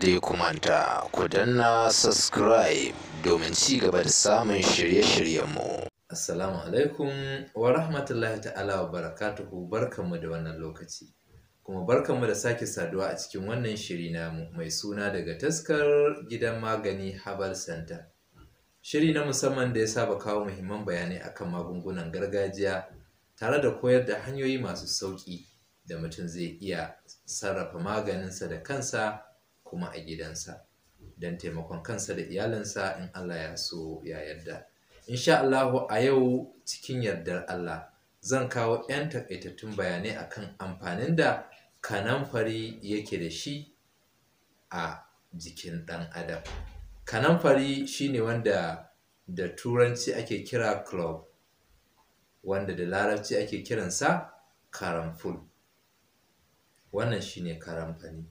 da ya kumanta ku danna subscribe domin ci gaba da samun shirye-shiryenmu. Assalamu alaikum wa rahmatullahi ta'ala wa barakatuhu barkanmu da wannan lokaci. Kuma barkanmu da sake saduwa a cikin wannan shiri namu mai suna daga taskar gidan magani Habar Center. Shiri na musamman da ya saba kawo muhimman bayanai akan magungunan gargajiya tare da koyar da hanyoyi masu sauƙi da mutum zai iya sarrafa maganinsa da kansa kuma a gidansa don taimakon kansa da iyalinsa in Allah ya so ya yarda. Insha Allah a yau cikin yardar Allah zan kawo 'yan takaitattun bayanai akan amfanin da kanamfari yake da shi a jikin ɗan adam. Kanamfari ne wanda da turanci ake kira club wanda da larabci ake kiransa karamful. Wannan shi ne karamfani.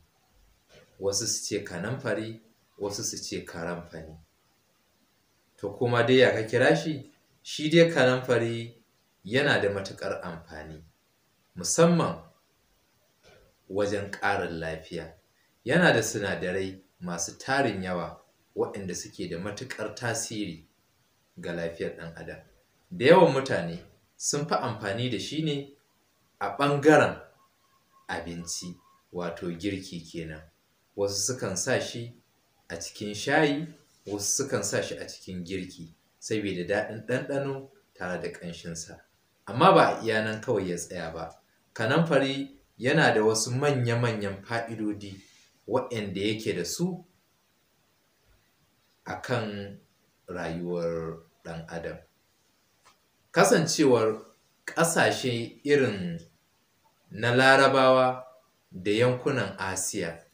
wasu su ce kanamfari wasu su ce karamfani to kuma dai ya ka kira shi shi dai kanamfari yana da matuƙar amfani musamman wajen ƙarin lafiya yana da sinadarai masu tarin yawa waɗanda suke da matuƙar tasiri ga lafiyar ɗan adam da yawan mutane sun fi amfani da shi ne a ɓangaren abinci wato girki kenan wasu sukan sa shi a cikin shayi wasu sukan sa shi a cikin girki saboda daɗin ɗanɗano tare da ƙanshinsa amma ba a iya nan kawai ya tsaya ba kanamfari yana da wasu manya-manyan fa'idodi waɗanda yake da su a kan rayuwar ɗan adam kasancewar ƙasashe irin na larabawa da yankunan asiya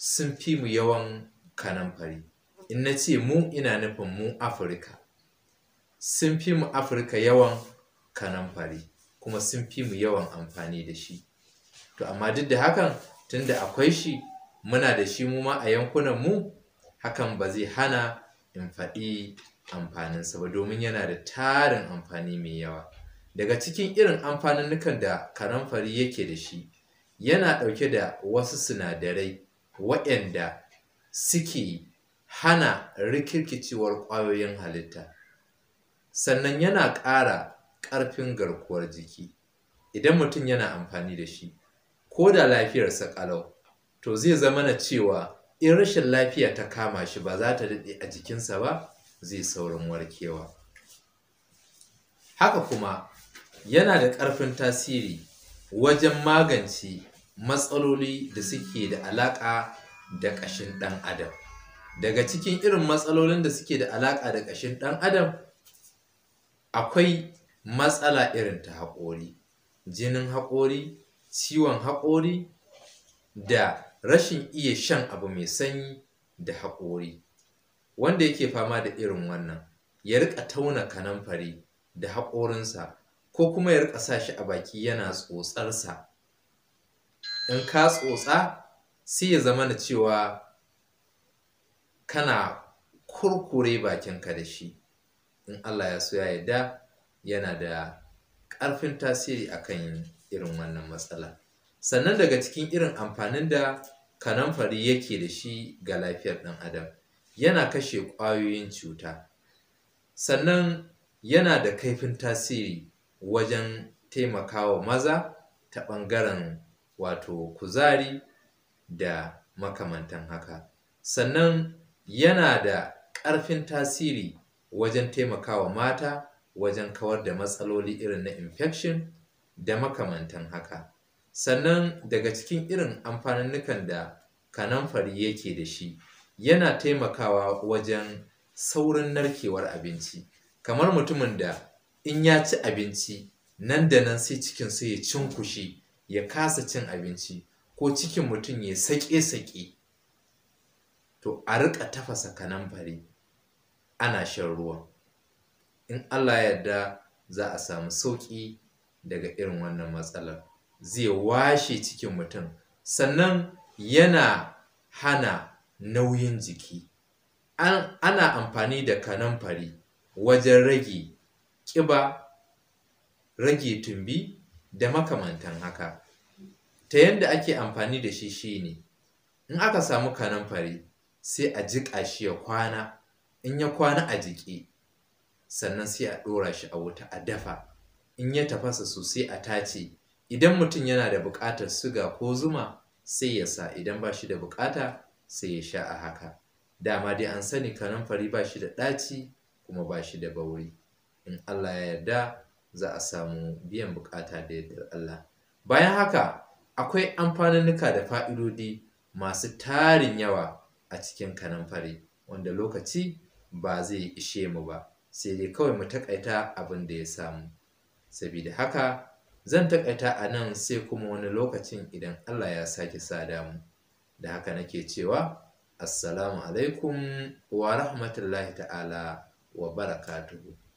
sun fi mu yawan kanamfari in na ce mu ina nufin mu afirka sun fi mu afirka yawan kanamfari kuma sun fi mu yawan amfani da shi to amma duk da hakan tunda akwai shi muna da shi mu ma a yankunan mu hakan ba zai hana in faɗi amfaninsa ba domin yana da tarin amfani mai yawa daga cikin irin amfanin da kanamfari yake da shi yana ɗauke da wasu sinadarai waɗanda suke hana rikirkicewar ƙwayoyin halitta. Sannan yana ƙara ƙarfin garkuwar jiki. Idan mutum yana amfani da shi, ko da lafiyarsa ƙalau, to zai zama na cewa in rashin lafiya ta kama shi ba za ta daɗe a jikinsa ba, zai saurin warkewa. Haka kuma yana da ƙarfin tasiri wajen magance matsaloli da suke da alaƙa da ƙashin ɗan adam daga cikin irin matsalolin da suke da alaƙa da ƙashin ɗan adam akwai matsala irin ta haƙori jinin haƙori ciwon haƙori da rashin iya shan abu mai sanyi da haƙori wanda yake fama da irin wannan ya riƙa tauna kanamfari da haƙorinsa ko kuma ya riƙa sa shi a baki yana tsotsarsa in ka tsotsa sai ya zama na cewa kana kurkure bakinka da shi in Allah ya so ya yarda yana da ƙarfin tasiri akan irin wannan matsala sannan daga cikin irin amfanin da kanamfari yake da shi ga lafiyar ɗan adam yana kashe ƙwayoyin cuta sannan yana da kaifin tasiri wajen taimakawa maza ta ɓangaren wato kuzari da makamantan haka sannan yana da ƙarfin tasiri wajen taimakawa mata wajen kawar da matsaloli irin na infection da makamantan haka sannan daga cikin irin amfaninnukan da kanamfari yake da shi yana taimakawa wajen saurin narkewar abinci kamar mutumin da in ya ci abinci nan da nan sai cikin su ya cunkushe ya kasa cin abinci ko cikin mutum ya saƙe-saƙe to a riƙa tafasa kanamfari ana shan ruwa in Allah yarda za a samu sauƙi daga irin wannan matsalar zai washe cikin mutum sannan yana hana nauyin jiki ana amfani da kanamfari wajen rage ƙiba rage tumbi da makamantan haka ta yadda ake amfani da shi ne. in aka samu kanamfari sai a jiƙa shi ya kwana in ya kwana a jiki sannan sai a ɗora shi a wuta a dafa in ya tafasa sosai a tace idan mutum yana da buƙatar suga ko zuma sai ya sa idan ba shi da buƙata sai ya sha a haka dama dai an sani kanamfari ba shi da ɗaci kuma ba shi da bauri in allah ya yarda za a samu biyan bukata da yardar Allah. Bayan haka akwai amfaninnika da fa'idodi masu tarin yawa a cikin kanamfari wanda lokaci ba zai ishe mu ba sai dai kawai mu taƙaita abin da ya samu. Sabida haka zan taƙaita a nan sai kuma wani lokacin idan Allah ya sake sada mu. Da haka nake cewa Assalamu alaikum wa rahmatullahi ta'ala wa barakatuhu.